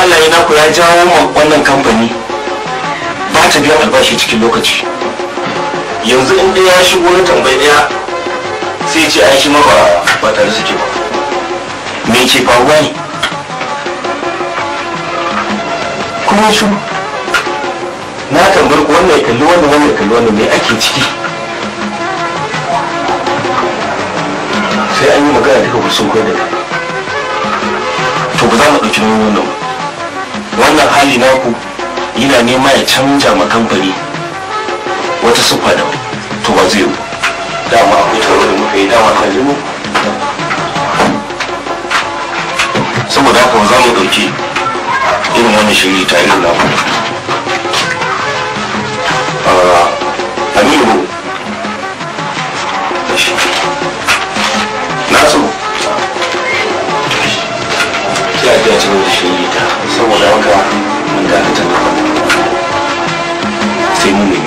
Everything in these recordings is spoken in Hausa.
halaye naku ya jawo ma wannan kamfani ba ta biyan albashi cikin lokaci yanzu in ya shigo na tambayi daya sai ce ai shi ma ba tare suke ba me ke faruwa ne kuma shi na tambar wannan ya kalli wannan wannan ya kalli wannan me ake ciki sai an yi magana duka ku sun kai da to ba za mu ɗauki nauyin wannan ba wannan hali naku yana nema ya canja ma kamfani wata sufa da to ba zai yi dama akwai taron da muka yi dama kan jimu saboda haka za mu ɗauki irin wani shiri ta irin naku ah, aminu zo da shi ne ta saboda haka mun gane ta na sai mu ne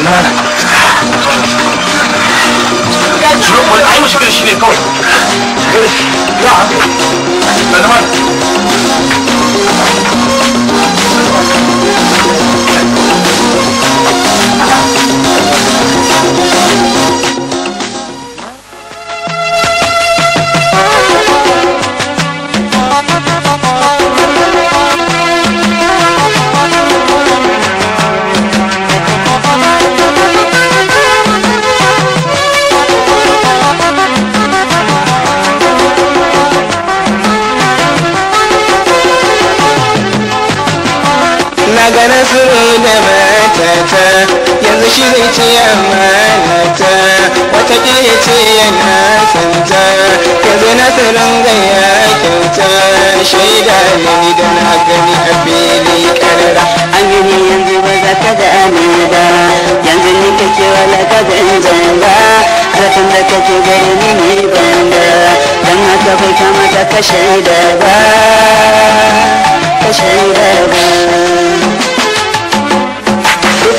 那，你这猪肉块太没水平了，够！你，呀，那他妈。baki ya ce yana santa ka zo nasarar gaya kyauta shaida ne da na gani a fili karara an gani yanzu ba za ka gane ba yanzu ni kake wala ka ganjan ba zafin da kake gani ne banda don haka bai kamata ka shaida ba ka shaida ba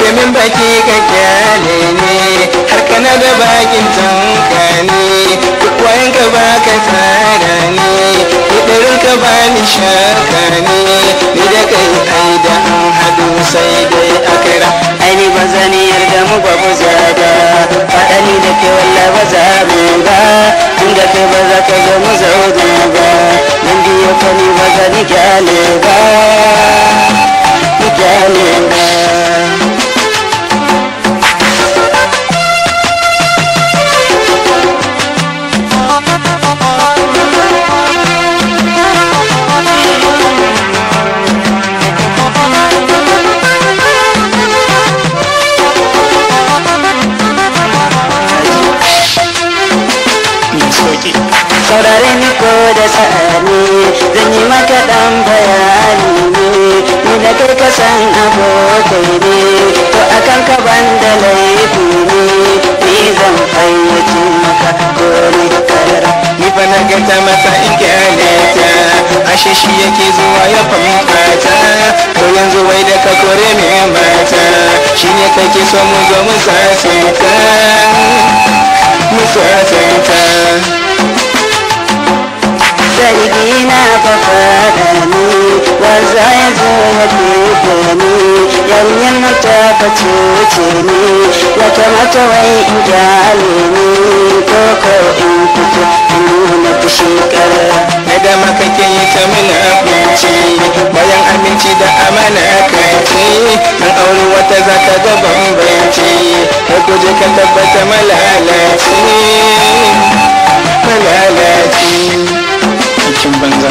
domin baki ka kyale ne har kana da bakin tanka ne wayan ka ba ka tsara ne kudurin ka ba ni shaka ne ni da kai kai da an hadu sai dai akira ai ba zan yarda mu ba mu zaga faɗa ni da ke walla ba za mu ba tun da kai ba za ka zo mu zo ba nan biyo ka ni ba zan kyale ba ni yeah, ba maka dan bayani ne da kai ka san abokai ne to akan ka ban da laifi ne ni zan fayyace maka kore karara ni ba na gata masa in kyale ta ashe shi yake zuwa ya fanka ta to yanzu wai da ka kore ne mata shi ne kake so mu zo mu sasanta zargina ka fada ni Waza ya zo ya duka ni yanyan mata ka cuce ni Ya kamata wai in jale ni ko ko in fito in nuna fushi kara da dama ke yi ta mana abinci bayan aminci da amana ka aure an auri wata za ta ga bambanci ka guje ka tabbata malalaci malalaci sarkin banza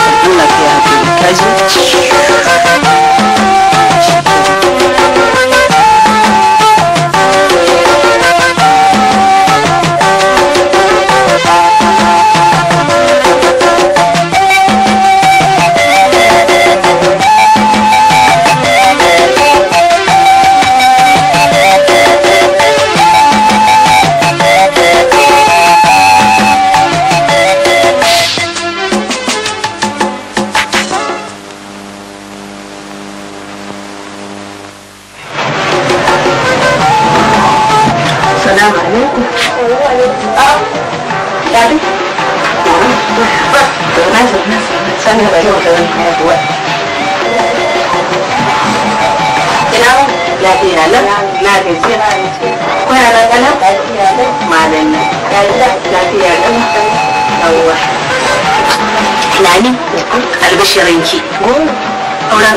Allah ya haɗu hakuri kaji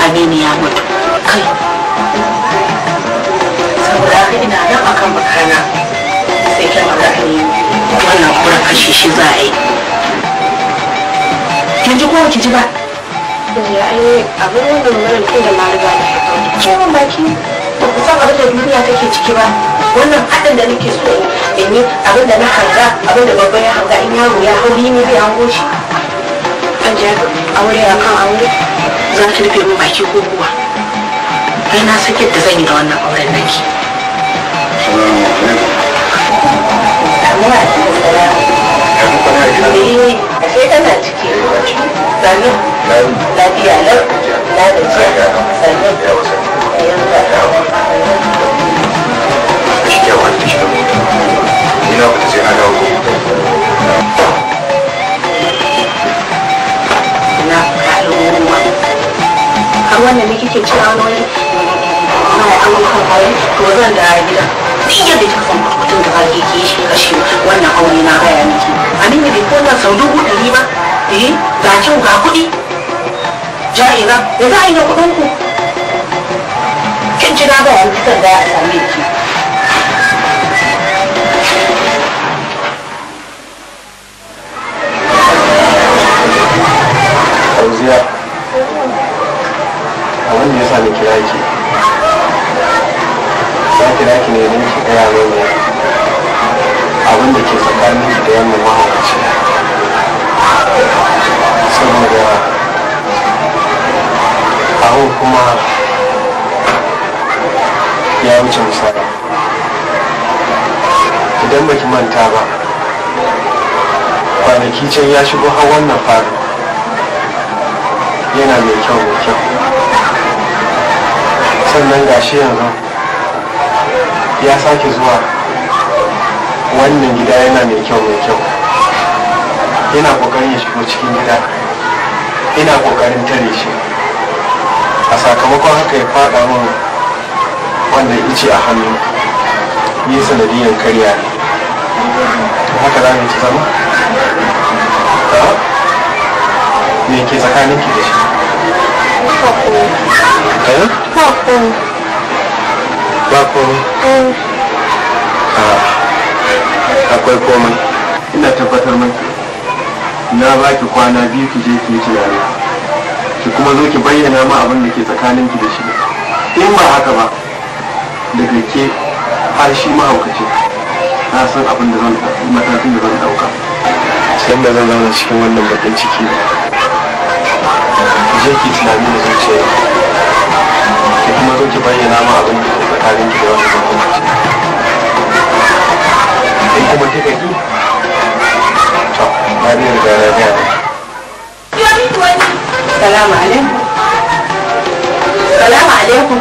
aminu ya mutu kai saboda haka ina nan akan bakana sai kyan alakari wannan kura kashe shi za a yi kin ji ko ki ji ba ya ai abin wanda mamarin tun da mariga da kewan baki ba ku san abin da duniya take ciki ba wannan hadin da nake so in yi abin da na hanga abin da babban ya hanga in yaro ya hau ni ne bai hango shi an je aure akan aure za ki rufe min baki ko na san yadda zan yi da wannan auren naki Ashe kana da a wannan ne kike cewa wani mai amurkan aure to zan da gida duk yadda kika san mutum da baki ke shi kashe wannan aure na gaya miki aminu bai kona sau dubu ɗari ba eh ga kyau ga kuɗi ja'ira ya za a yi da kuɗin ku kin ji na gaya miki kan da ya same ki ya da sa na kira ki ne don ki gaya mana abin da ke tsakanin ki da yamma mahaukaci saboda aho kuma ya wuce misali idan baki manta ba kwanaki can ya shigo har wannan faru yana mai kyau mai kyau sannan gashi yanzu ya sake zuwa wannan gida yana mai kyau mai kyau yana kokarin ya shigo cikin gida ina kokarin tare shi a sakamakon haka ya fada min wannan ice a hannu ni sanadin karya ne haka za mu ci zama me ke tsakaninki da shi Akwai komai. Ina tabbatar maka. Na ba ki kwana biyu ki je ki yi tunani. Ki kuma zo ki bayyana ma abin da ke tsakanin ki da shi. In ba haka ba, daga ke har shi mahaukaci. Na san abin da zan matakin da zan dauka. Sai zan cikin wannan bakin ciki ba. zai ki tunani da zuciya ki kuma zo ki bayyana ma abin da ke tsakanin ki da wani mutum in kuma kika ki to na biyar da ya gaya Salamu alaikum. Salamu alaikum.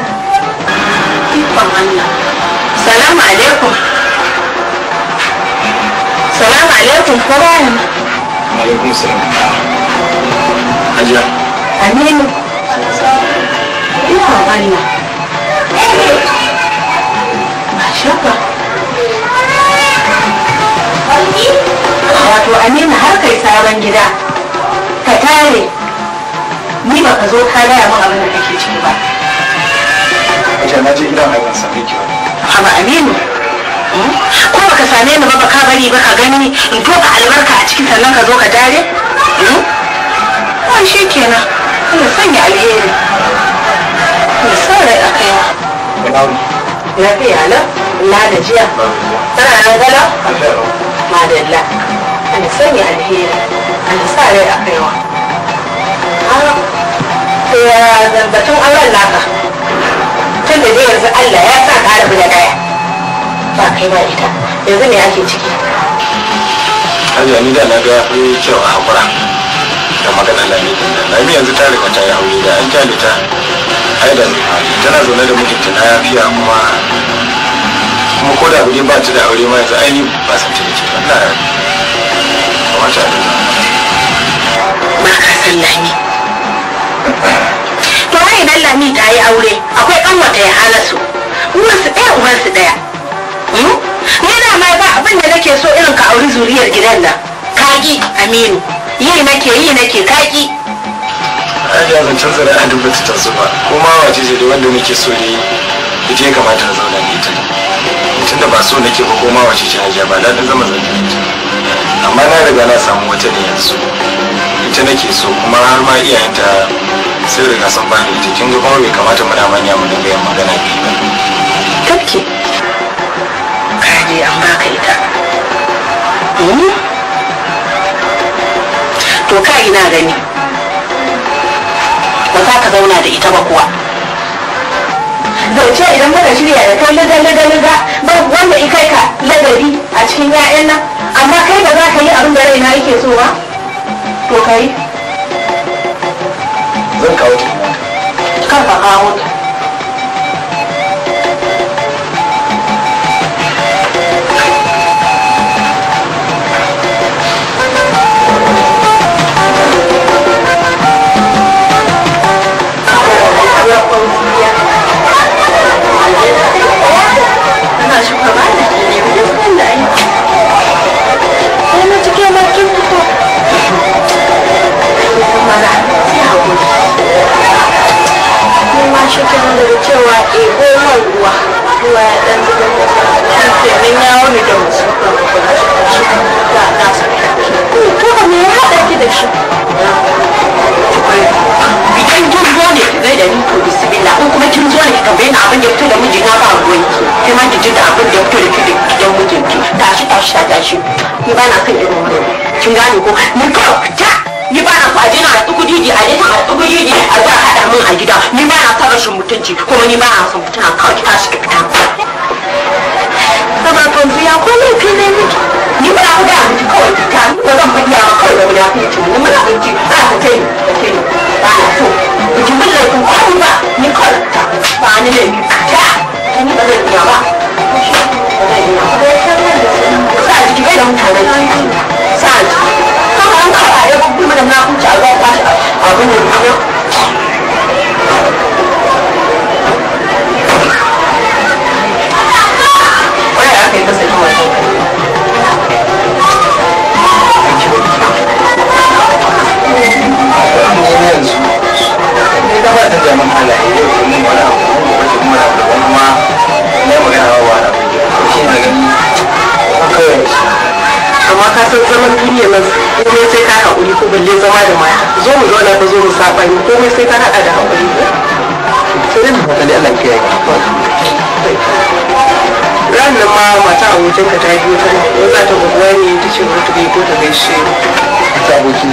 Ikon Allah. Salamu alaikum. Salamu alaikum. Ko bayan? Alaikum salam. Hajiya. same ina ikon Allah ba shakka wato aminu har kai sabon gida ka tare ni ba ka zo ka gaya min abin da kake ciki ba Aisha na je gidan ai ban same ki ba aminu ko baka same ni ba baka bari ba ka gani in toka albarka a cikin sannan ka zo ka tare? Wai hmm? shi kenan. Allah sanya alheri da sarai a kaiwa lafiya na na da jiya tana nan gala madalla Allah sanya alheri Allah sarai a kaiwa ya zambatun auren naka tun da yanzu Allah ya sa ka rabu da daya ba kai ba ita yanzu ne ake ciki Allah ni da na ga cewa hakura da magana lamitin nan lami yanzu ta riga ta yi aure da an kyale ta aidan tana zaune da mijinta na yafiya kuma kuma ko da guri ba ta da aure ma yanzu aini ba san ta da ke ba na kamata a da ba ka san lami to ai idan lami ta yi aure akwai wata ya hana su ɗaya ɗaya su hmm? ɗaya ni da ma ba abin da nake so irin ka auri zuriyar gidan nan kagi aminu yi nake yi nake kaki da zancen zara a duk ta taso ba ma wace ce da wanda nake so ne ita ya kamata na zauna ne ita mutum da ba so nake ba ma wace ce hajiya ba daɗin zama zan amma na riga na samu wata ne yanzu ita nake so kuma har ma iyayenta sai riga ba bani ita kin ga kuma bai kamata muna manya mu dinga yin magana biyu ba tafki kaje an baka ita hmm? to ka ina gani ba za ka zauna da ita ba kuwa zauce idan bada shirya da kai laga laga laga ba wanda kai ka lagari a cikin 'ya'yan nan amma kai ba za ka yi abin da raina yake so ba to kai zan kawo ta kar ka kawo ta cikin da cewa ebo goma ruwa ruwa ya dan zubar da kan kenan ya wani da wasu ga kuma ya ki da shi kin zo ne ki da ni to ko kuma kin zo ne ki abin da fito da ba ruwan ki ma ki ji da abin da fito da ki da tashi tashi tashi ba na kan irin kin gane ko ni kawai ta ni ba na kwaje na haɗu didi a jeta haɗu didi a za a hada mun a gida ni ba na son shi mutunci kuma ni ba na son a kawai ki tashi ki fita kanzu ya ko laifi ne miki ni ba na da miki kawai ki ta ni ba zan ba kawai wani ya fi ci ni muna ɗauki ba ka ce ni ka ce ni ba na so ki min laifin kawai ba ni kawai ba ni ne ni ta ni ba zan iya ba sa jiki bai sa jiki nhưng mà đằng nào cũng chở con qua ở cái nguồn nước có lẽ là thì tôi sẽ ngồi Ini dapat zaman halal itu semua dah, semua dah berapa nama, ni mungkin awak dah, mungkin lagi, okay. amma ka san zaman duniya nan komai sai ka haƙuri ko balle zama da mata zo mu zauna ka zo mu saba komai sai ka haɗa da haƙuri sai mu hankali Allah ke yi ran nan ma mata abokin ka ta biyo ta ko za ta guduwa ne ta ce wata bai ko ta gaishe ta ta rufin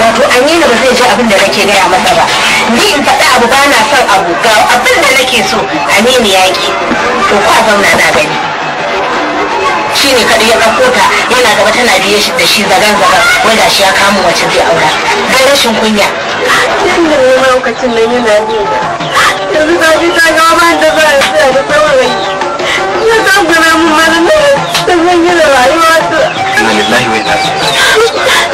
wato aminu ba zai ji abin da nake gaya masa ba ni in faɗi abu ba na son abu ga abin da nake so aminu ya ki to kwa zauna na gani shi ne kaɗai ya ɗauko ta yana gaba tana biye shi da shi zagan zagan wai da shi ya kama wace zai aura bai rashin kunya. Tun da ne lokacin nan yana ne. Yanzu ta ji ta ga ba da ba a da saurayi. Ya ta gura mun ma da ne ta zanyi da rayuwa ta. Inna lillahi wa inna ilaihi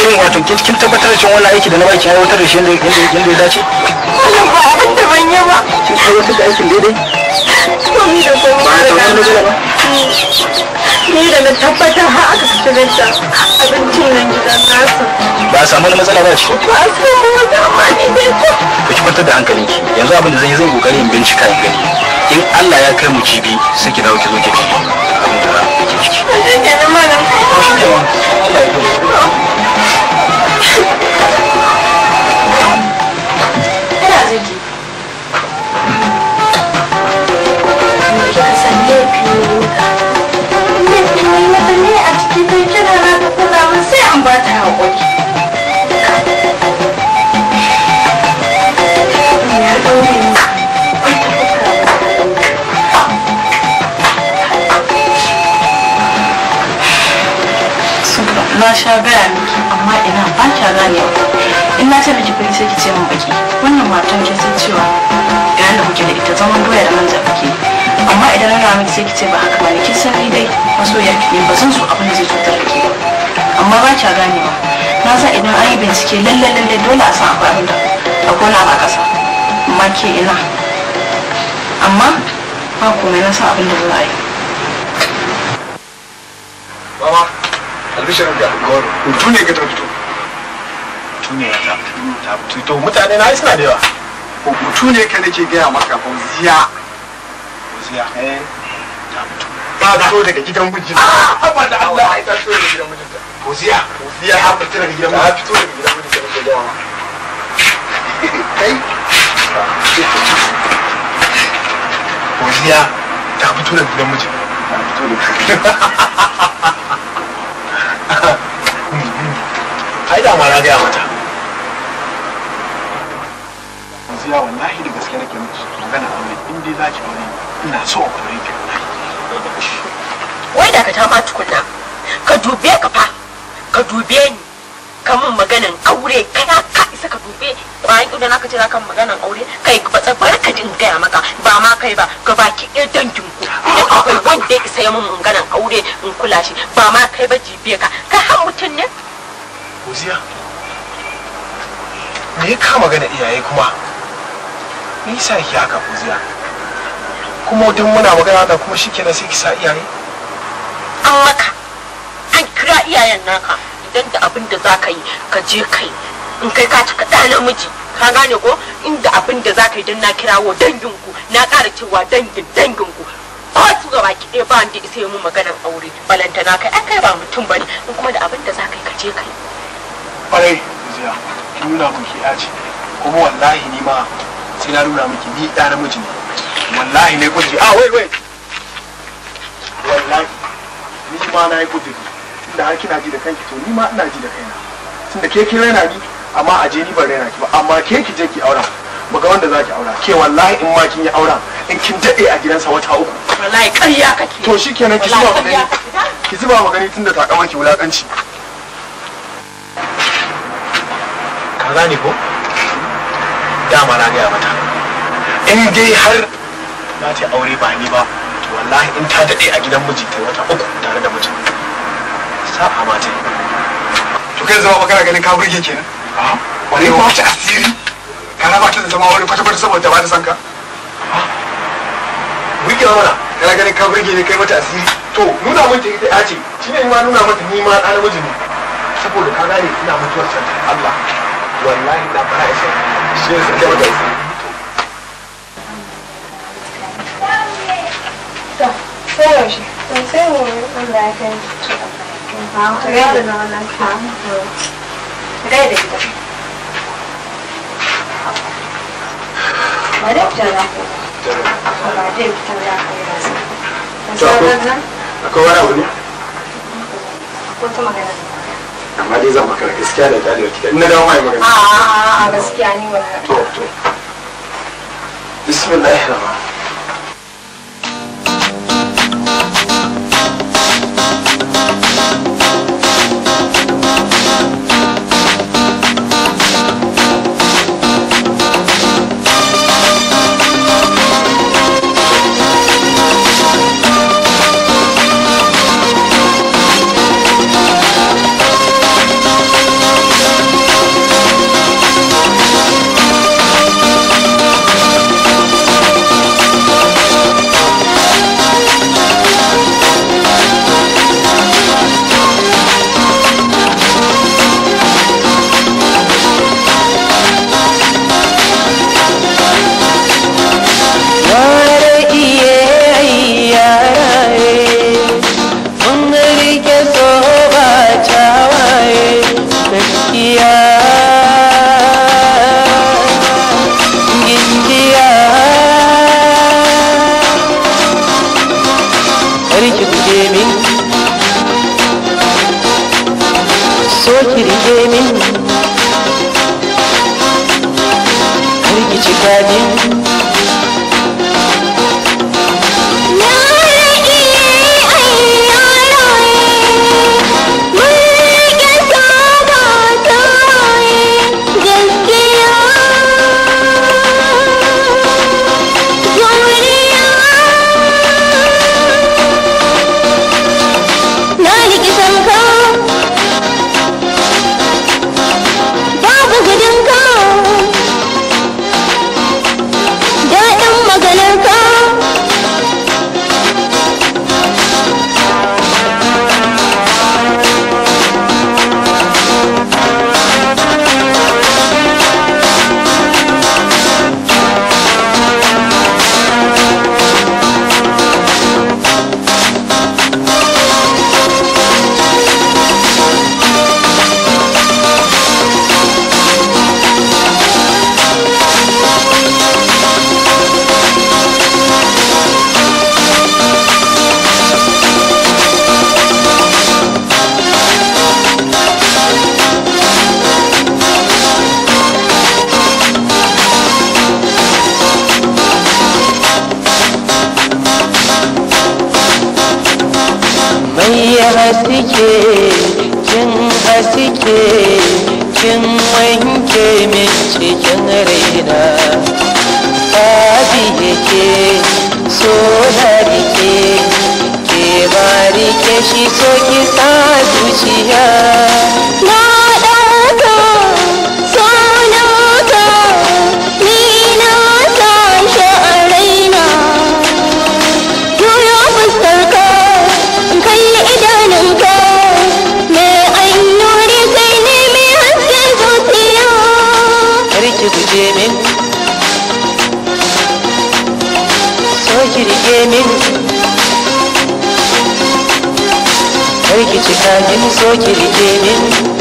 Shin wato kin tabbatar da cewa wannan aiki da na baki ya wutar da shi yadda ya dace? Wannan ba abin da ban yi ba. Kin aiwatar da aikin daidai? ni da kuma ba da gano. ni da na tabbatar har aka fita da abincin nan gidan nasu ba a samu wani matsala ba ce ba a samu wata amma ni dai ko ba ki kwantar da hankalin ki yanzu abin da zan yi zan kokari in bincika in gani in Allah ya kai mu jibi sai ki dawo ki zo ki ji abin da za ki ciki. Ba shi ne ma. na sha gaya miki amma ina ba kya ganewa in na ce miki kuli sai ki ce min baki wannan matan kin san cewa ga da kuke da ita zaman doya da manja kuke amma idan na nuna miki sai ki ce ba haka bane kin san ni dai masoya ki ne ba zan so abin da zai cutar da ke amma ba kya ganewa na san idan an yi bincike lalle lalle dole a san akwai abin da a na ba kasa amma ke ina amma ba kuma na san abin da za a yi commissioner da gowar tuniya ga ta fito tuniya ta ta fito mutane na suna da yawa tuniya ka nake gaya maka fauziya fauziya eh ta fito ta fito daga gidan mijin ah, ba da Allah ai ta fito daga gidan mijin fauziya ziya ta fito daga gidan mijin ta fito daga gidan mijin ta ziya kai ziya ta fito daga gidan mijin ta fito daga ai da ma na gaya mata ziya wallahi da gaske nake miki magana aure in dai za ki aure ina so aure ki wai da ka ta ma tukunna ka dube ka fa ka dube ni ka mun maganan aure kana ka isa ka dube bayan idan naka ce kan maganan aure kai ba tsabar ka din gaya maka ba ma kai ba ka baki ɗaya dangin ku idan akwai wanda ya isa ya mun maganan aure in kula shi ba ma kai ba jibe ka ka har mutum ne Uziya, me ya kama gane iyaye kuma? Me yasa yake haka Uziya? Kuma wajen muna magana haka kuma shi kenan sai kisa iyaye? An maka, an kira iyayen naka idan da abin da za ka yi ka je kai in kai ka cika ɗa namiji ka gane ko inda abin da za ka yi don na kirawo danginku na ƙara cewa dangin danginku ba su gaba baki ɗaya ba da isa yi mu maganar aure balantana kai an kai ba mutum bane in kuma da abin da za ka yi ka je kai kwarai zuciya ki nuna mun ke ce kuma wallahi ni ma sai na nuna miki ni ɗa namiji ne wallahi ne kudi ah wait wait wallahi ni ma na yi kudi tunda har kina ji da kanki to ni ma ina ji da kaina tunda ke ke raina ni amma a je ni ban raina ki ba amma ke ki je ki aura ba ga wanda zaki aura ke wallahi in ma kin yi aura in kin dade a gidansa wata uku wallahi ƙarya kake to shikenan ki zuba magani ki zuba magani tunda takamanki wulakanci ka ne ko dama na gaya mata in dai har za ta aure ba ni ba to wallahi in ta daɗe a gidan miji ta wata uku tare da mijin sa'a ma ta to kai zama magana ganin ka burge kenan wani ba ta asiri Kana ba ta da zama wani kwata-kwata saboda ba ta san ka burge mana kana ganin ka burge ne kai mata asiri to nuna mata ita ya ce shi ne ma nuna mata ni ma ɗan namiji ne saboda ka gane ina mutuwar santa Allah wallahi na shi su da su ba akwai wani abu ne magana amma dai zan makara gaskiya da dalilin da ina da wani magana a a gaskiya ni wannan to to bismillahir rahmanir haske kin haske kin wanke min cikin raina babi yake so na rike ke bari ke shi so ki sa zuciya kin so kirje min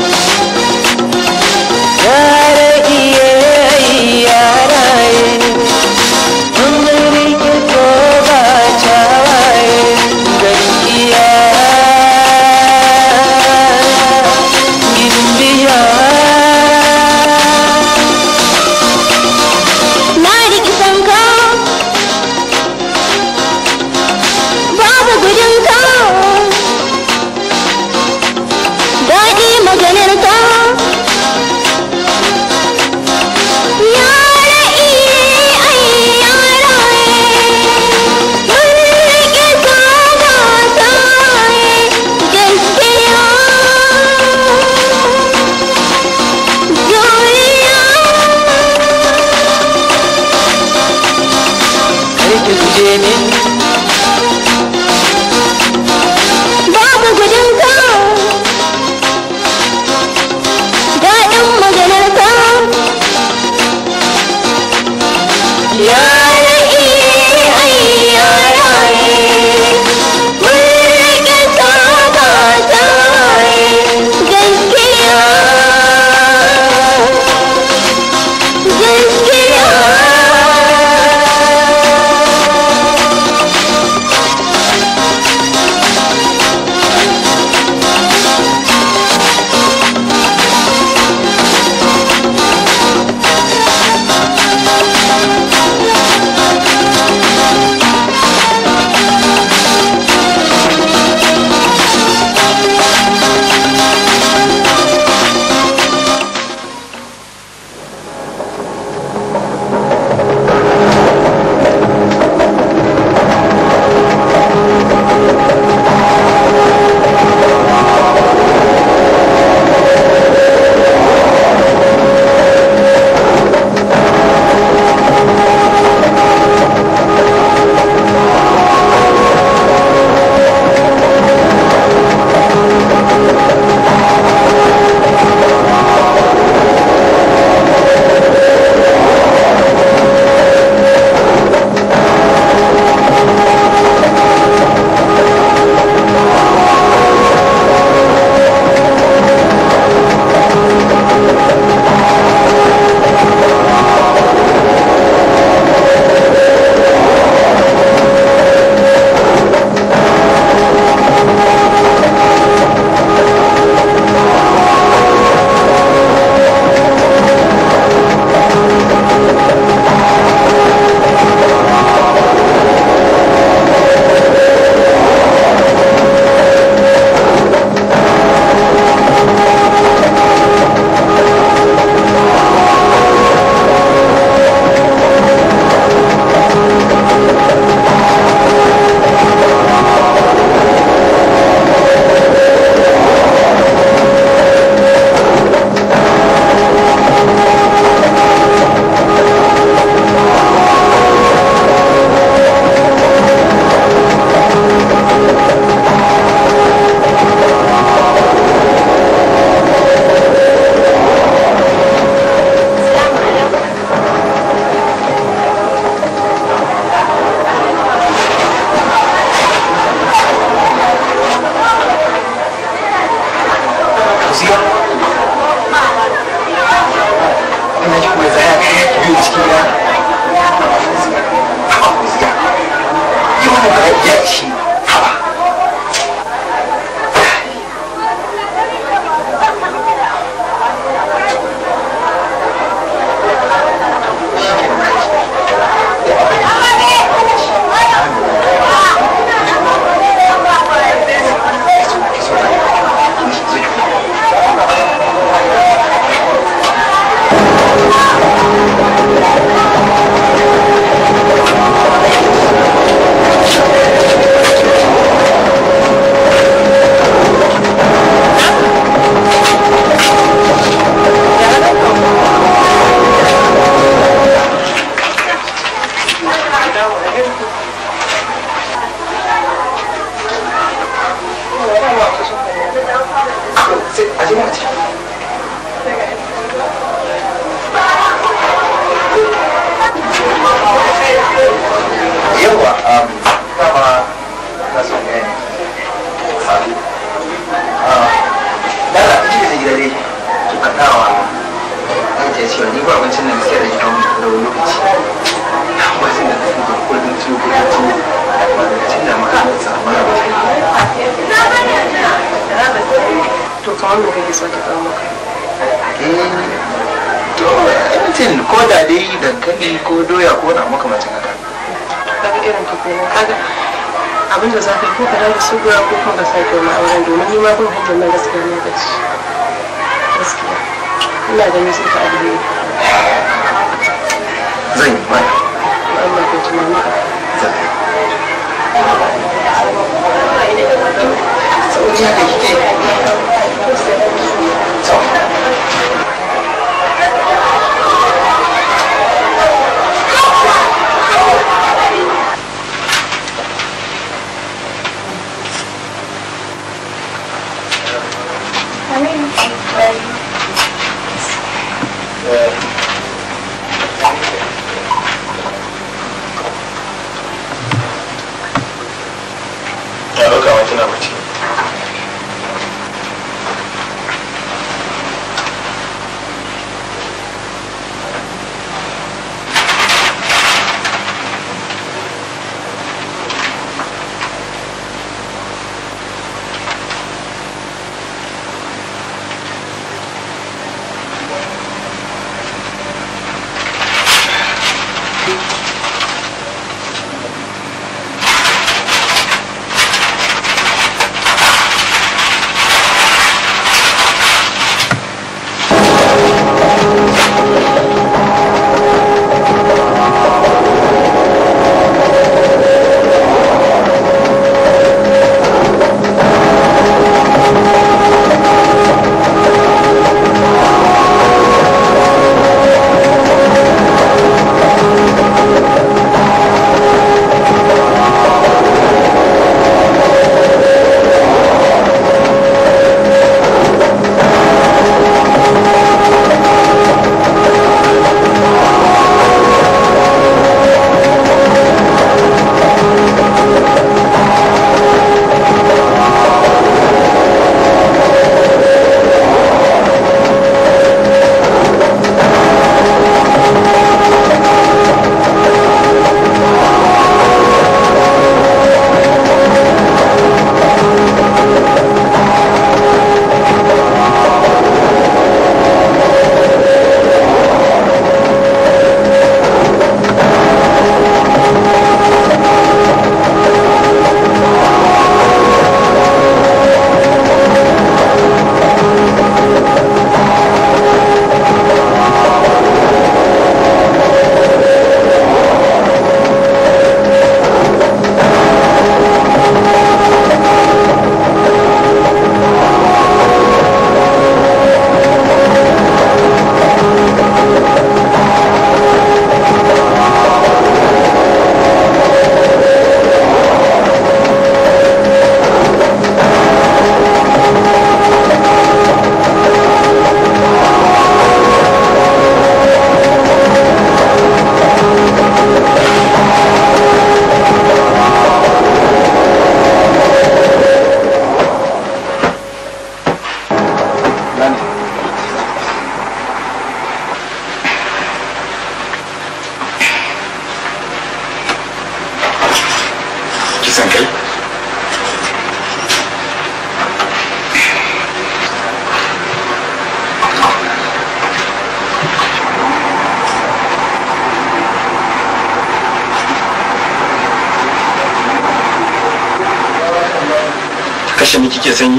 kike sanyi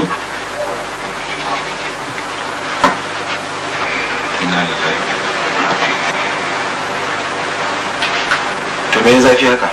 to me zafi haka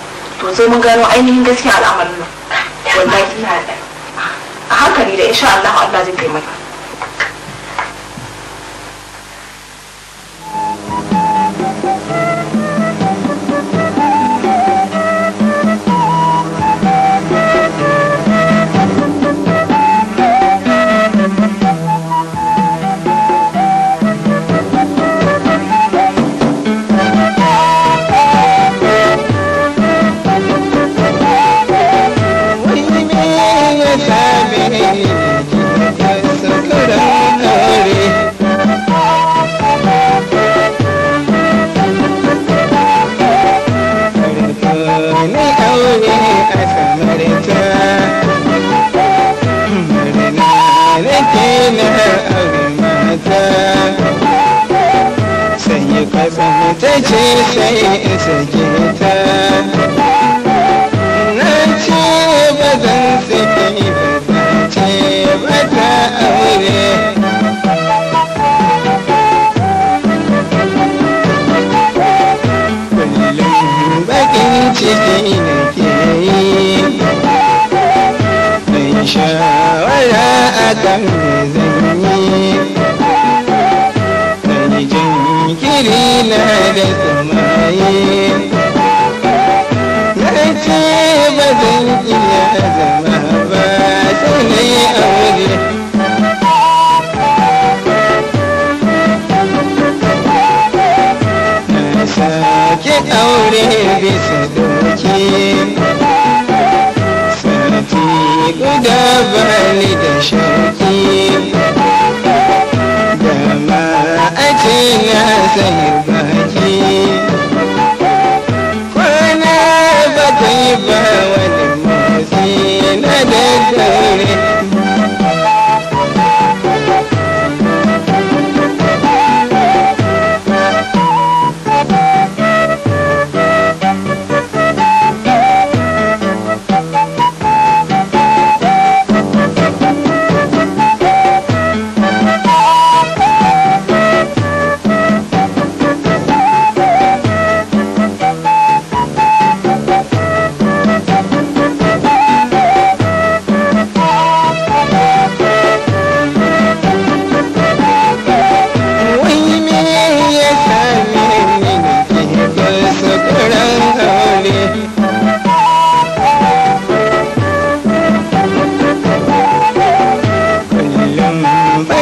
to sai mun gano ainihin gaskiya al'amarin nan wallahi ina da a hankali da insha Allah Allah zai taimaka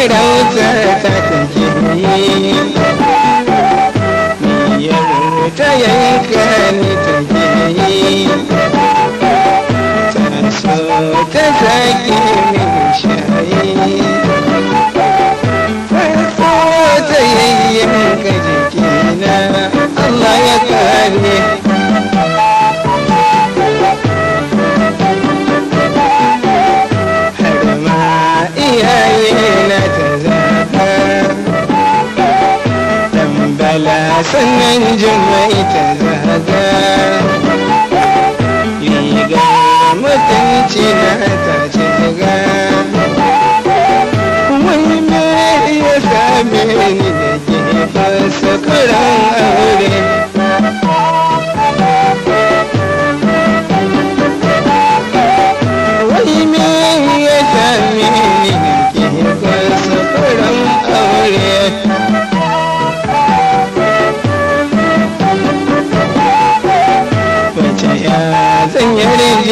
rautar ta kake yi niyyar ta yanka ni ta yi ta so ta sake min shayi ta so ta yayyanka jikina Allah ya kare sannan jimai ta zaga riga mutunci na ta ci zaga wani mai ya same ni da ke fasa aure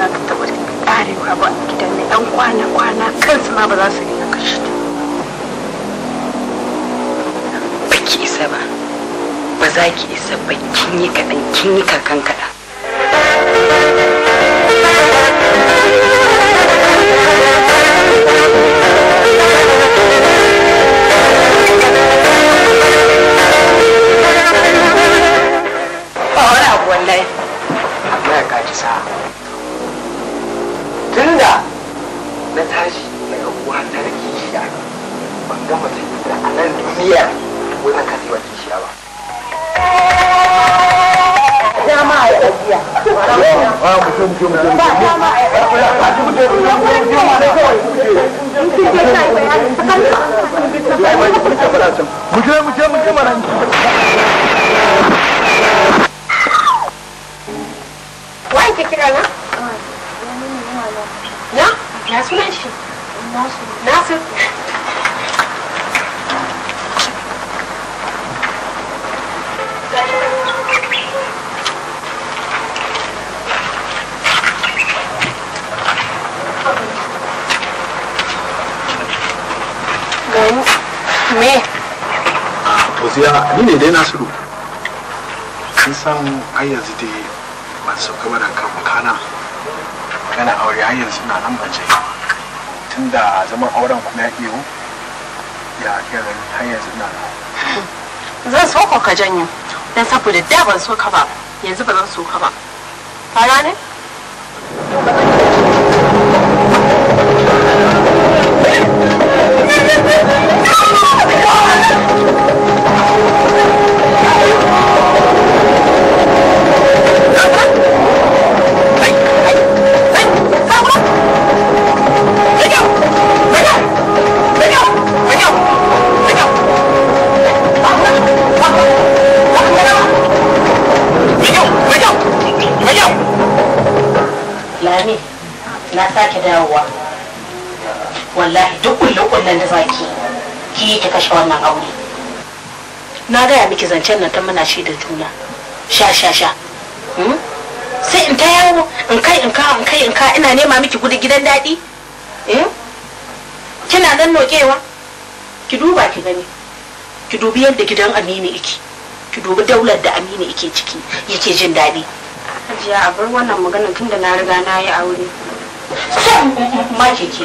za ta taɓa ƙarewa ba a gidan na 'yan kwana-kwana kansu ma ba za su iya kashe ta ba ki isa ba ba za ki isa ba kin yi kaɗan kin yi kakan kaɗan Wanke kira me Oziya ni ne dai Nasiru kin san har yanzu dai ban sauka ba daga makana magana aure har yanzu na nan ban je tun da zaman auren kuma ya iyo ya iya gani har yanzu na nan zan so ka janyo don saboda da ban so ka ba yanzu ba zan so ka ba ka ne. ki ta kashe wannan aure na gaya miki zancen nan ta muna shi da juna sha sha sha hmm? sai in ta yawo in kai in ka in kai in ka ina nema miki gudu gidan daɗi hmm? kina nan nokewa ki duba ki gani ki dubi yadda gidan aminu iki ki dubi daular da aminu ike ciki yake jin daɗi hajiya a bar wannan magana tunda na riga na yi aure sai ma ke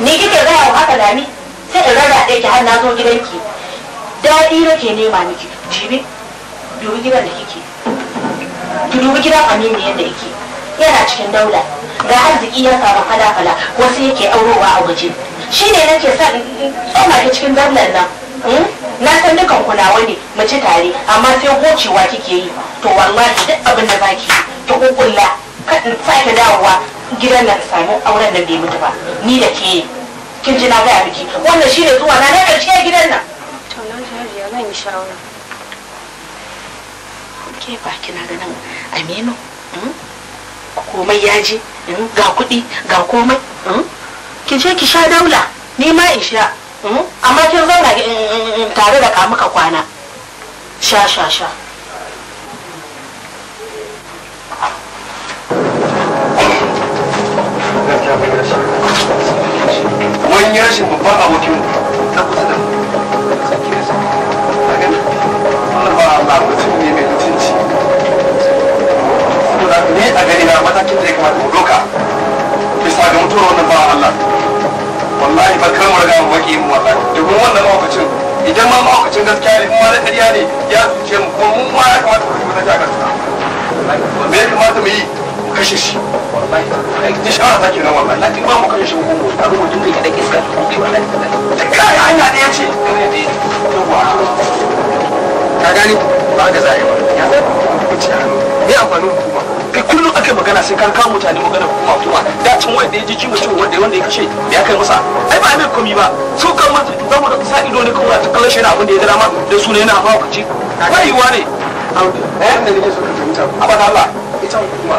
ni kike gaya wa haka lami sai in rada ɗaya ki har na zo gidanki daɗi nake nema miki jibi dubi gidan da kike ki dubi gidan aminu yadda yake yana cikin daula ga arziki ya samu fala-fala wasu yake aurowa a waje shi ne nake sa tsoma ki cikin daular nan hmm? na san dukan kula ne mu tare amma sai gocewa kike yi to wallahi duk abin da zaki ki kukulla kan sake dawowa gidan na samu auren nan bai mutu ba ni da ke kin ji na gaya miki wannan shine zuwa na na karshe gidan nan to shi ya zan yi shawara ke ba kina ganin aminu hmm? komai ya ji hmm? ga kuɗi ga komai hmm? ki je ki sha daula ni ma in sha amma kin zauna tare da kamuka kwana sha sha sha mun yi rashin babban abokin na kusa da wannan ba ba mutum ne mai mutunci ne a gani na matakin da ya kamata mu doka bisa ga mutuwar wannan ba Allah wallahi ba kan mu mu maki mu wallahi domin wannan mahaukacin idan ma mahaukacin gaskiya ne kuma na ƙarya ne ya zuce mu kuma mun ma ya kamata mu yi wata jakar me kamata mu yi kashe shi wallahi ni shawara take nan wallahi lakin ba mu kashe shi ko mu abu mutum kai kada iska wallahi kai hanya yace ka gani ba zai ba ya zai ku ci hannu me amfanin kai kullum akai magana sai kan kawo mutane magana da ji mutum wanda wanda ya kashe ya kai masa ai ba mai komi ba su kan mutum za mu da sa ido ne ta kallon shi abin da ya dama da su ne yana ba ku ci ne abin da Allah ita hukuma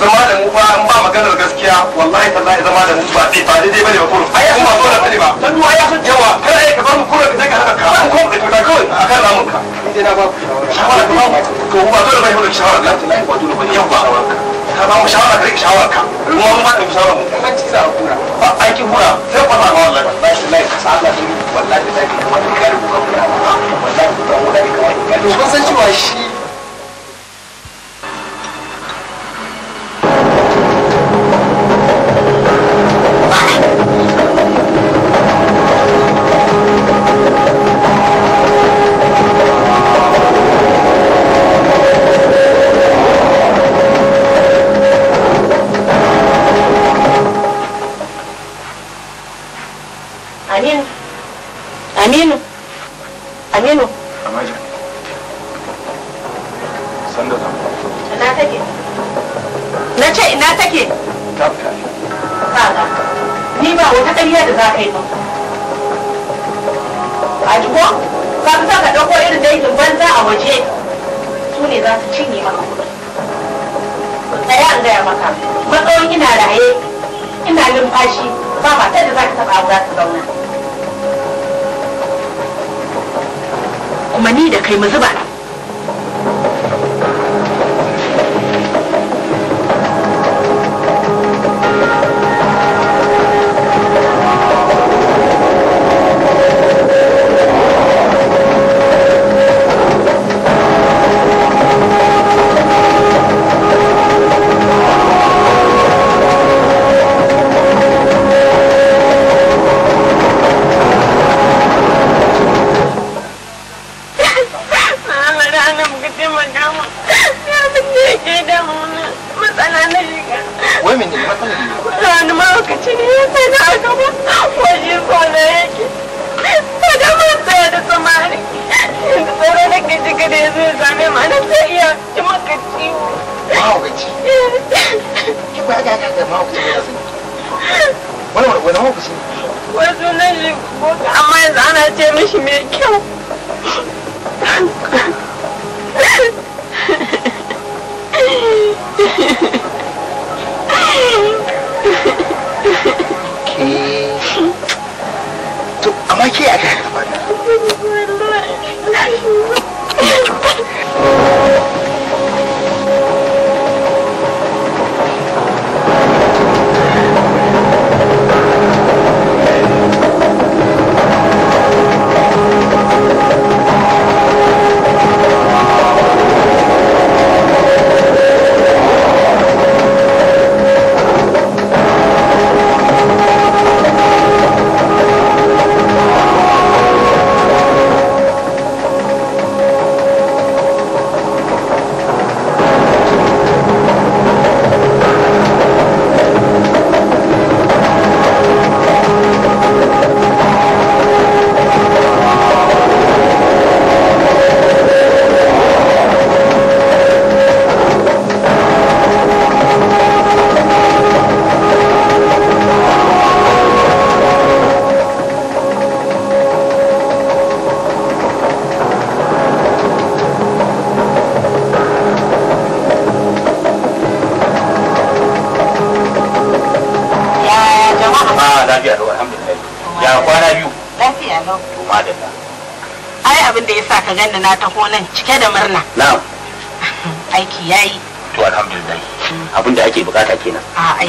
zama da mu ba in ba maganar gaskiya wallahi tallahi zama da mu ba dai ba daidai bane ba kullum ai kuma dole bane ba dan duwa ya san yawa kar ai ka bar mu kullum sai ka haka ka ko da ka kawai akan ramun ka indai na ba ku shawara ka ba mu ba dole bane ba shawara ka tallahi ba dole bane yawa ka ba mu shawara ka rike shawara ka mu mun ba da shawara mu kan ci za a kura ba aikin hura sai ba wallahi wallahi tallahi ka sa Allah wallahi tallahi kamar ka rubuta wallahi ka rubuta ka to cewa shi Aminu. Aminu. Amaja. Sanda Na take. Na ce ina take. Ta fita. ga? Ni ba wata ƙarya da za ka yi ba. A jiko, ka fi ka ɗauko irin dangin banza a waje. Su ne za su cinye maka kuɗi. Tsaya an gaya maka. Matsawon ina raye, ina limfashi ba ma ta da za ka taɓa za ka zauna. umarni da kai mu zuba 悲しめ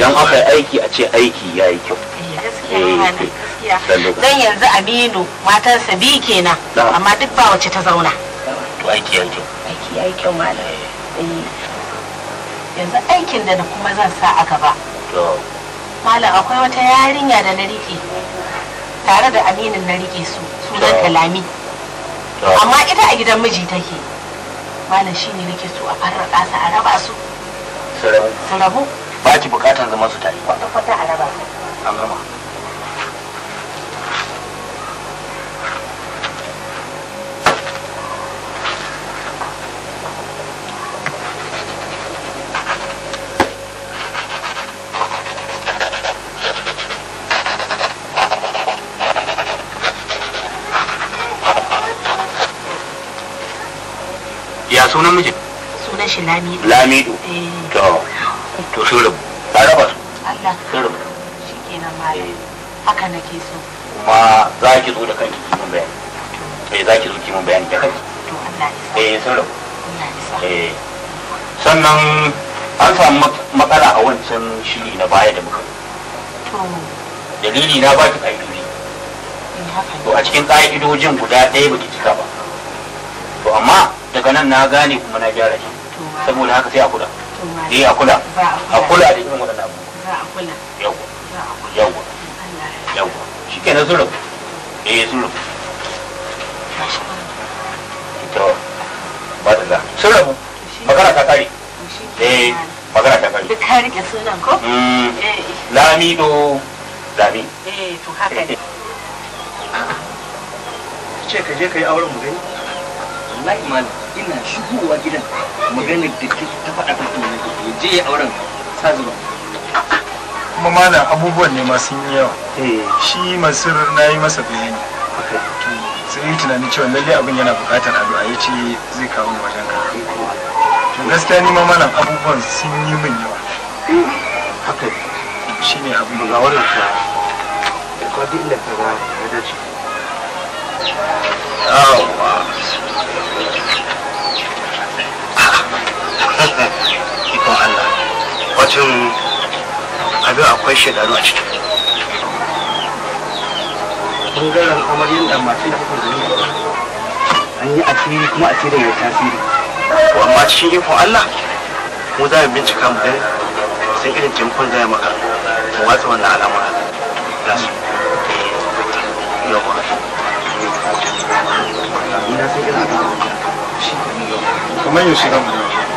idan aka yi aiki a ce aiki ya yi kyau Zan eh, eh, yanzu aminu matarsa sabi kenan amma duk ba wacce ta zauna to aiki ya yi kyau aiki ya yi kyau malam eh, yanzu aikin da na kuma zan sa a gaba malam akwai wata yarinya da na rike tare da aminin na rike su sunan kalami amma ita a gidan miji take malam shine nake so a farraka su a raba su su rabu ba ki bukatan zaman su tare ba kwata a raba an gama ya sunan mijin sunan shi lamido lamido eh to sun rabu an raba su sun rabu shi malam eh. haka so kuma za ki zo da kanki kimin bayani eh za ki zo kimin bayani da kanki to Allah ya sa eh sun rabu eh sannan an samu matsala a wancan shiri na baya da muka dalili na baki ƙa'idodi eh, to a cikin ƙa'idojin guda ɗaya baki cika ba to amma daga nan na gane kuma na gyara shi saboda haka sai a kula eh a kula a kula da irin A kula. yawa yawa yawa shi ke na eh ta ta kare eh, ka rike sunan ko mm. eh lami eh to haka ce ka je ka yi auren mu gani wallahi malam ina shigowa gidan maganar da kake ta faɗa ta je ya auren sa zuba kuma malam abubuwan ne yi yawa eh. shi masir na yi masa bayani sai yi tunanin cewa lallai abin yana buƙatar a ya ce zai kawo wajen ka eh, to gaskiya ni ma malam abubuwan sun yi min yawa haka shi ne abin da zawarin ka da ka ga ya dace ikon Allah watan abin akwai shekaru a ciki ɓangaren kamar yadda masu da kuka zuri an yi asiri kuma asirin ya tasiri amma cikin ikon Allah mu za mu bincika mu gani san irin taimakon zai maka mu watsa wannan al'amura da su. kamar yau shi zamu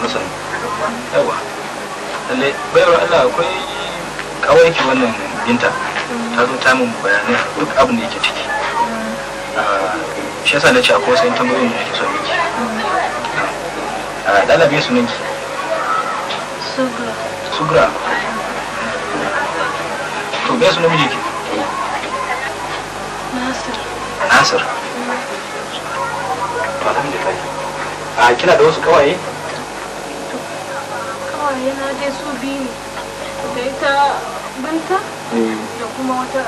sanu sanu yawa lalle bayarwa Allah akwai kawai ki wannan binta ta zo ta mun bayanai duk abin da yake ciki ah, shi yasa na ce akwai sai tambayoyin da kike so miki a ah, dalabe su ninki sugra sugra to bai su namiji ki nasir nasir mm. a ah, kina da wasu kawaye Yana dai su biyu ne da ita binta eh. da kuma wata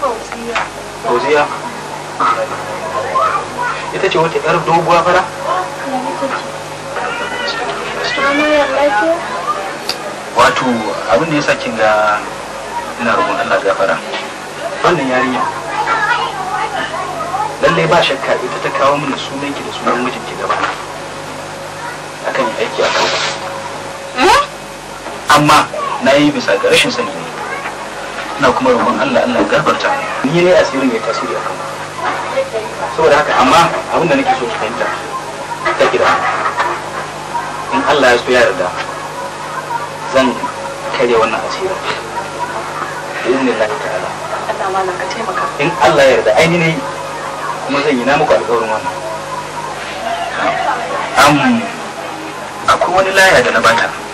fauziya fauziya ita ce wata yar doguwa fara wato abin da ya sa kin ga ina rubun Allah gafara wannan yarinya lallai ba shakka ita ta kawo mini sunanki da sunan mijinki gaba akan yi aiki a kanka amma na yi bisa ga rashin sani ne ina kuma roƙon Allah Allah gabarta ni ne asirin ya tasiri akan saboda haka amma abin da nake so ki fahimta ta gida in Allah ya so ya yarda zan karya wannan asirin izinin Allah ta'ala Allah ka taimaka in Allah ya yarda ainihin kuma zan yi na muku alƙawarin wannan akwai wani laya da na bata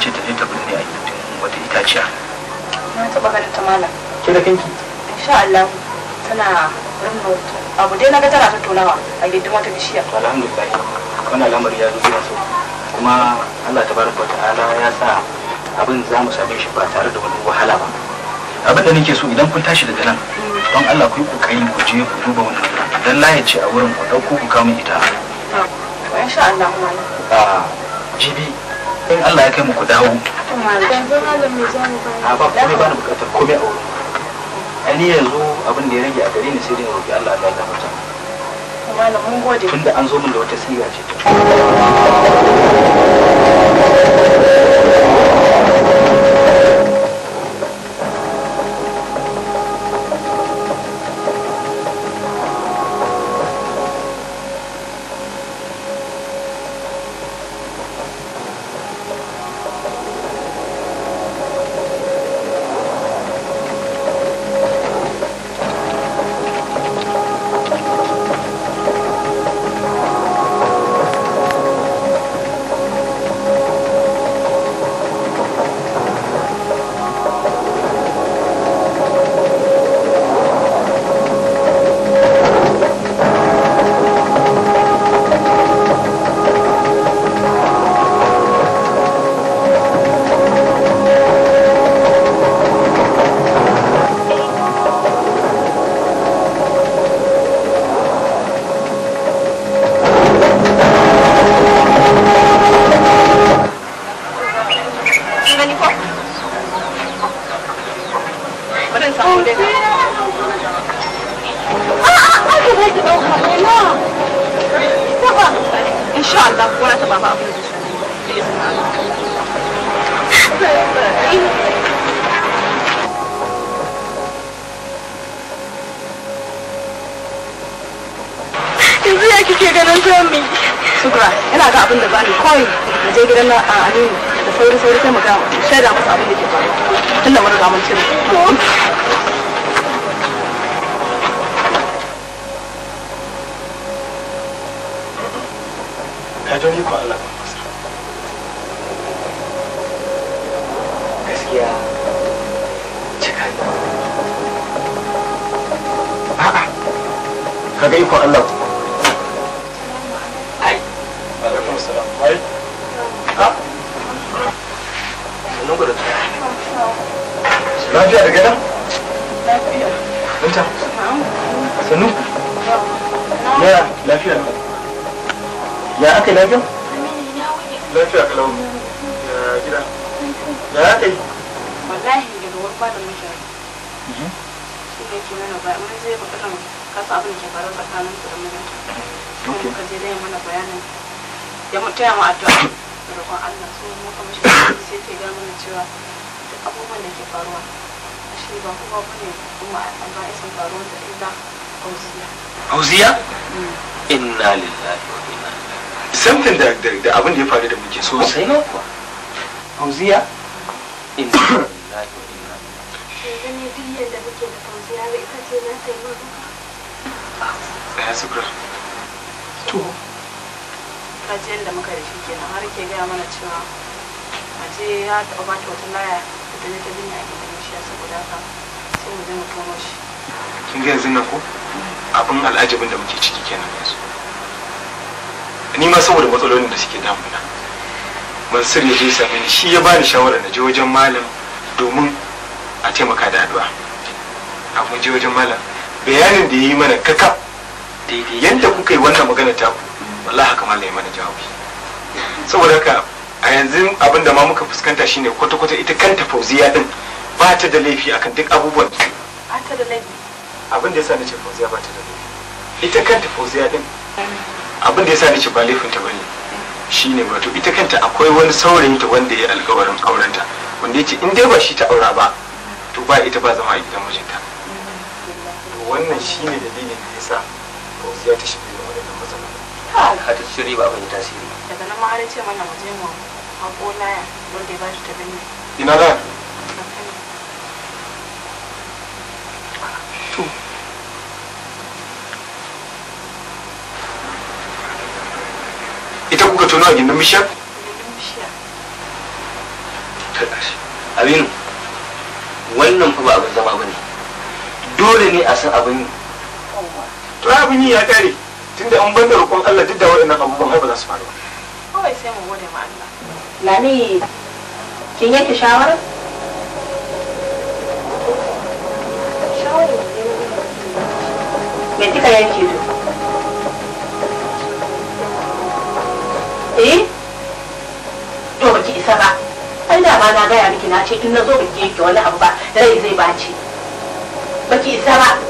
ce ta ta birni a wata itaciya na taɓa ganin ta malam ke da kanki insha Allah tana rinna abu dai na ga tana tattaunawa a gidan wata bishiya alhamdulillah wannan al'amari ya zo so kuma Allah tabaraka ta'ala ya sa abin za mu same shi ba tare da wani wahala ba abin da nake so idan kun tashi daga nan don Allah ku yi kokari ku je ku duba wannan dan laye ce a wurin ku dauko ku kawo ita insha Allah malam ah jibi in Allah ya kai mu ku dawo a ba komai ba ni bukatar a wurin yanzu abin da ya rage a gare ni sai dai roƙi Allah ya ga tunda an zo min da wata siga ce ta salam ai ha sannan ku da tuwa lafiya da gada lafiya binta sannu yaya lafiya ya aka yi lafiya lafiya kalau ya gida ya aka yi wallahi daga warba da mutane shi ne ke mana ba ya mu taya addu'a da roƙon Allah mu kuma shi sai ke ga mana cewa duk abubuwan da ke faruwa shi ba kuma kuma faruwa da auziya auziya mm. inna lillahi wa inna ilaihi da da abin da ya faru da muke so sai na kuwa auziya inna lillahi wa inna ilaihi yanzu ne duk muke da auziya da ita ce na taimaka to ta da muka da shi kenan har ke gaya mana cewa a ce ya taɓa ba ta wata laya da ta je ta binne a gidan shi saboda haka sai mu je mu shi kin ga yanzu ko abin al'ajabin da muke ciki kenan yanzu ni ma saboda matsalolin da suke damuna mansur ya je same ni shi ya bani shawara na je wajen malam domin a taimaka da addu'a a je wajen malam bayanin da ya yi mana kaka daidai yadda kuka yi wannan magana taku wallahi haka ma mana jawabi saboda ka, a yanzu abin da ma muka fuskanta shine kwata-kwata ita kanta fauziya din ba ta da laifi akan duk abubuwan ba ta da laifi abin da yasa nace fauziya ba ta da laifi ita kanta fauziya din abin da yasa nace ba laifin ta bane shine wato ita kanta akwai wani saurayin ta wanda ya alƙawarin aurenta wanda yace in dai ba shi ta aura ba to ba ita ba zama a gidan mijinta to wannan shine dalilin da yasa fauziya ta shiga ka ta cire ba abin tasiri daga nan ma ce mana mu je mu hako laya wanda ba shi ta binne ina ita kuka tono a gindin Aminu, wannan fa ba abin zama Dole ne a san abin To abin yi ya kare. tunda an bar da roƙon Allah duk da waɗannan abubuwan ba za su faru ba kawai sai mu gode ma Allah lami kin yanke shawara me kika yanke to eh to baki isa ba ai da ba na gaya miki na ce in na zo baki yanke wani abu ba rai zai baci baki isa ba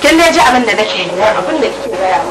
kin dai ji abin da nake yi abin da kike gaya mu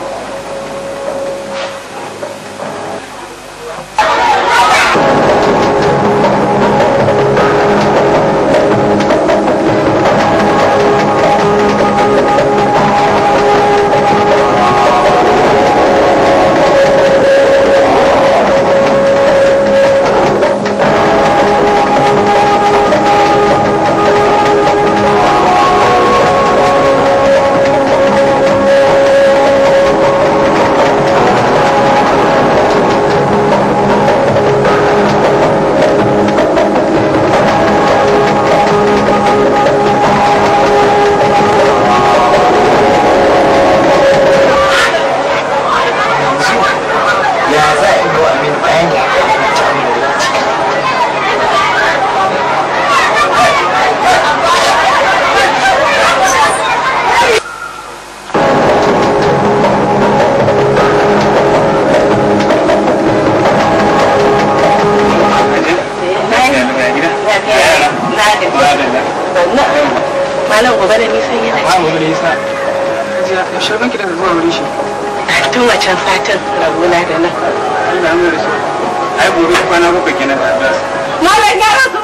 ai gobe kwana bakwai kenan da Allah malam ya rasu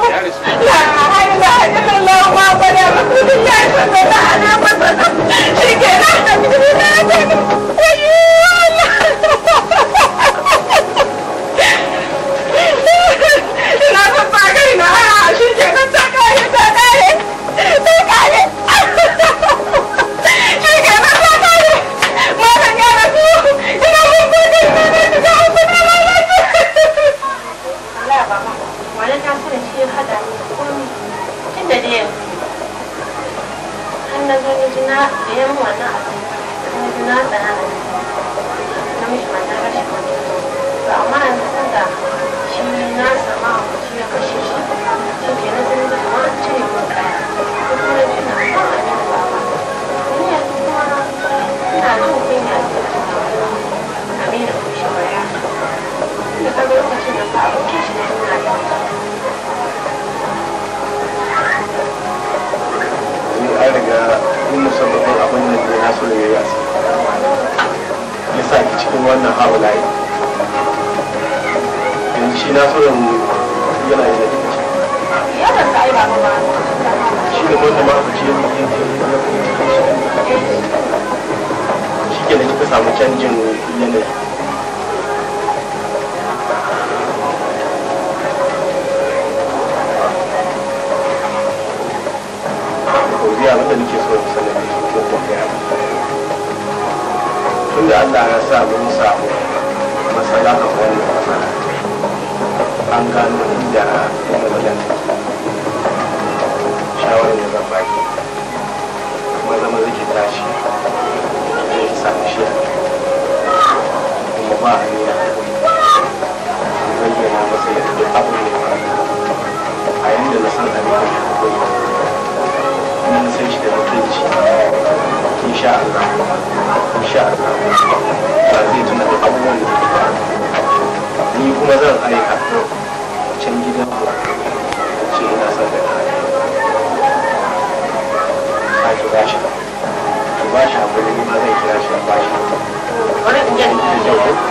la ilaha illallah wa qad rasulullah sallallahu alaihi wasallam ji na da yan wannan da kuma ji na tsanana na mishi mata rashin wani amma da shi na sama a kuci ya kashe shi shi ke na kuma an cire min kaya ko kuma ji na a ne ba ni yanzu kuma ina jin kunya a mera kushe baya da ka lokacin da ba abokin shi na ina da I cikin musabbabin abin da ke nasu da yayi asiri ya sa ki cikin wannan haulayi yanzu shi nasu da mu yana yi da ita shi da wanda ma ku ce mu yi shi ke da kika samu canjin yanayi gobe abin da nake so sanar da shi ko gaya tun da Allah ya sa mun samu matsala a wannan matsala an gano inda matsalan shawarar da zan baki maza maza ki tashi zai ki samu shi a kuma ba a niyya bayyana masa yadda abin da ya a yadda na san abin da ya mun san shi da mutunci insha Allah insha Allah ba zai tuna da abubuwan da ke faru ni kuma zan aika can gidan ku ce ina son da ka a ki ba shi ba shi hakuri ma zai kira shi ba shi wani in yi da kyau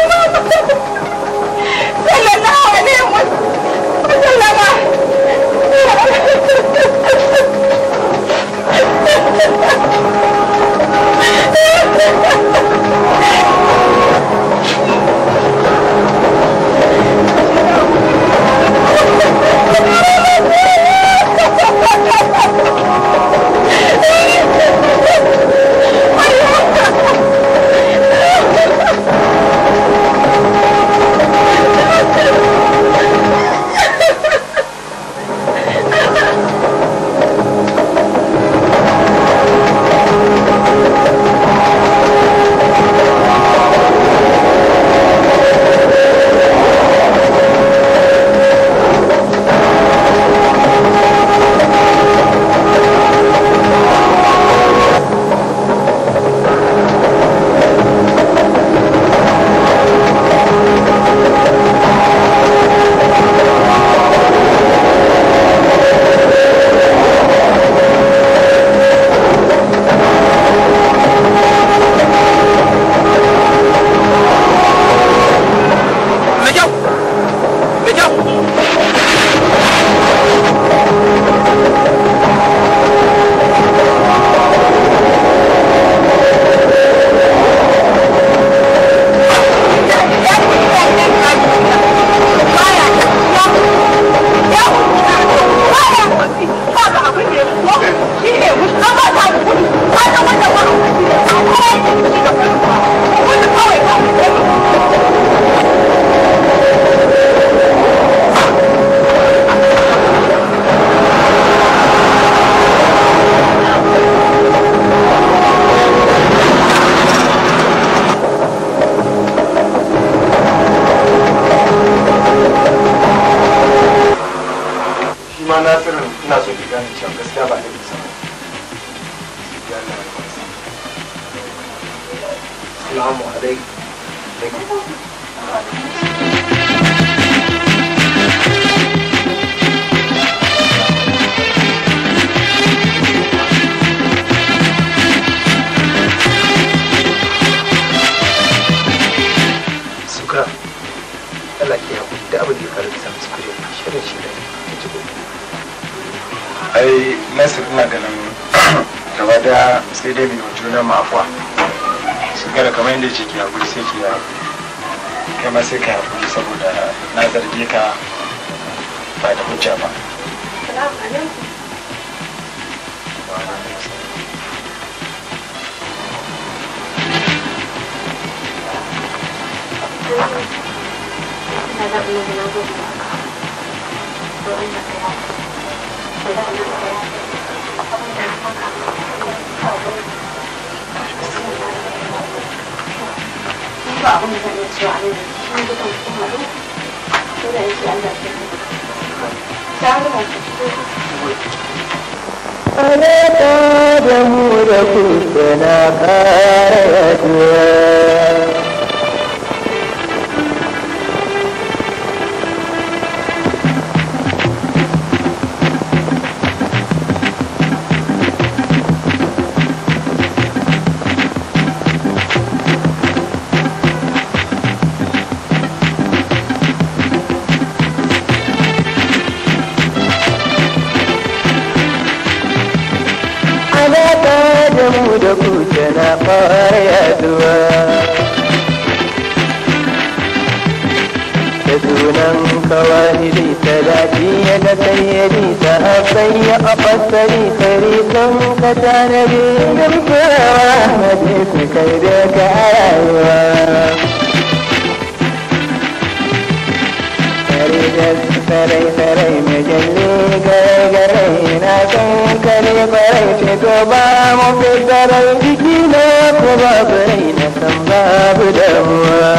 sarai sarai mai jalli gare na san kare to ba mu fi sarai jiki na ko babu rai na san babu damuwa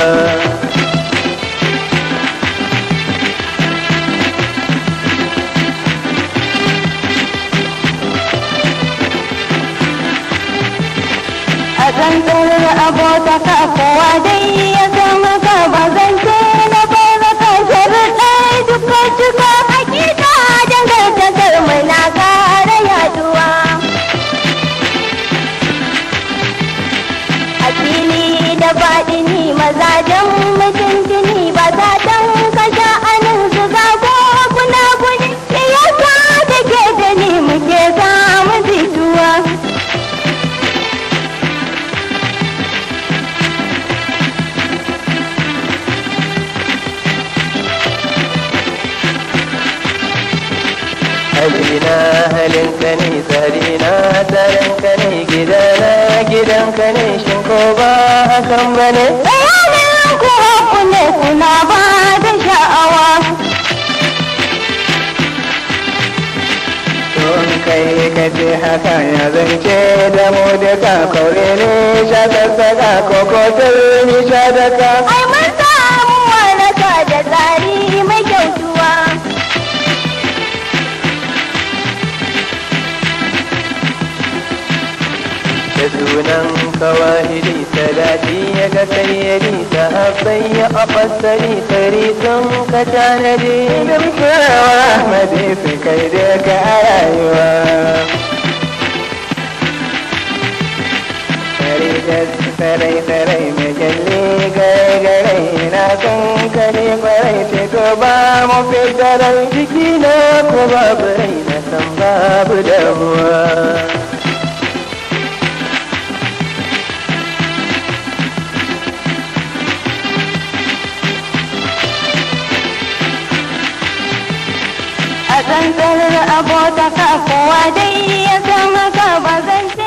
a tsantsar abota ka kowa dai ya zama ka ba zan mazajen mutuntuni ba za don kasha anin zuga ko kuna gudu iyaka da ke da ni muke samu jituwa. halin ka ne tsarina ka ne gidana ka ne shinko ba hakan ba ne. ku ne kuna ba da sha'awa Don kai ka haka ya zance da mu da ka kaure ne sha sassaka ko kotar ni sha da da sunan kawahidi salati ya ga karyari ta habbai ya afasari tari sun ka tanadi don kyawa madi kai da ka tari da tsarai tsarai majalli gare gare na son kare barai ta ba mu fitarar jiki na ko babu rai na san babu damuwa tsantsar abota ka kowa dai ya san haka ba zan